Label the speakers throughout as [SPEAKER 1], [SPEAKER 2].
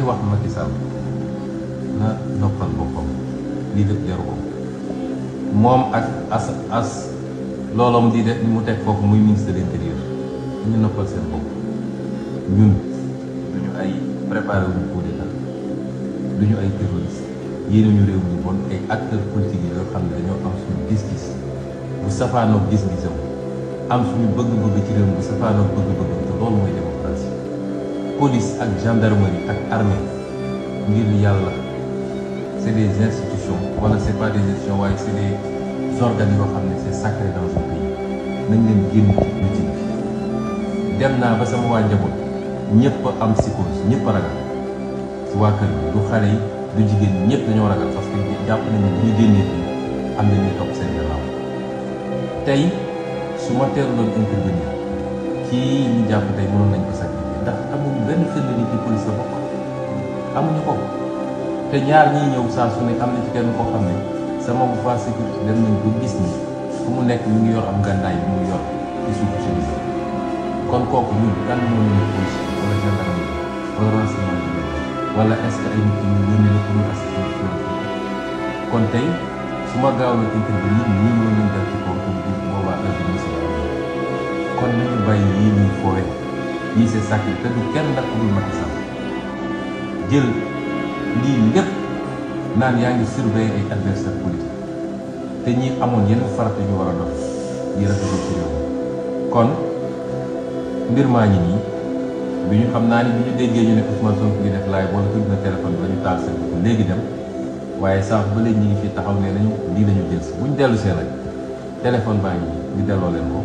[SPEAKER 1] ay wax Macky Sall na noppal boppam lii def jaru moom ak as as looloom di def mu teg foofu muy ministre de l'intérieur ñu noppal seen bopp ñun duñu ay préparé wuñu coup duñu ay terroriste ñu réew mi bon ay acteurs politiques yoo xam ne dañoo am suñu gis-gis bu safaanoog gis-gisam am suñu bëgg-bëgg ci réew mi bu safaanoog bëgg-bëgg te loolu mooy dem police ak gendarmerie ak armée ngir yalla c'est des institutions wala c'est pas des institutions way c'est des organes yo xamné c'est sacré dans un pays nañ leen génn ci ci dem na ba sama waa bo ñepp am psychose ñepp ragal ci wa kër du xalé yi du jigen ñepp dañu ragal parce que japp nañu ne ñu génnee bi am na ñuy topp seen gannaaw tey su ma teeloon intervenir kii ñu japp tay mënon nañ ko seen nit ñi police la bokk amuñu ko te ñaar ñiy ñëw saa su am na ci kenn koo xam ne sama voie sécurité dem nañ ko gis ni fu mu nekk mu ngi yor am gànnaay bi mu yor ci suuf kon kooku ñun kan moo ñu police wala gendarmerie wala renseignement kon tey su ma gaaw la interview bi nit ñi mën bàyyi yii ñuy fooyee. ñii seen sàkk te du kenn nag ku dul Macky jël lii lépp naan yaa ngi surveiller ay adversaire politique te ñi amoon yenn farata ñu war a dox yi rafetlu ci réew kon mbir maa ngi nii bi ñu xam naa ni bi ñu déggee ñu ne Ousmane Sonko ngi def laay wala tudd na téléphone bi la taal seen ko léegi dem waaye sax ba léegi ñu ngi fi taxaw ne nañu lii la jël si bu ñu dellu see nag téléphone baa ngi ñu delloo leen ko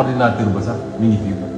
[SPEAKER 1] ordinateur ba sax mi ngi fii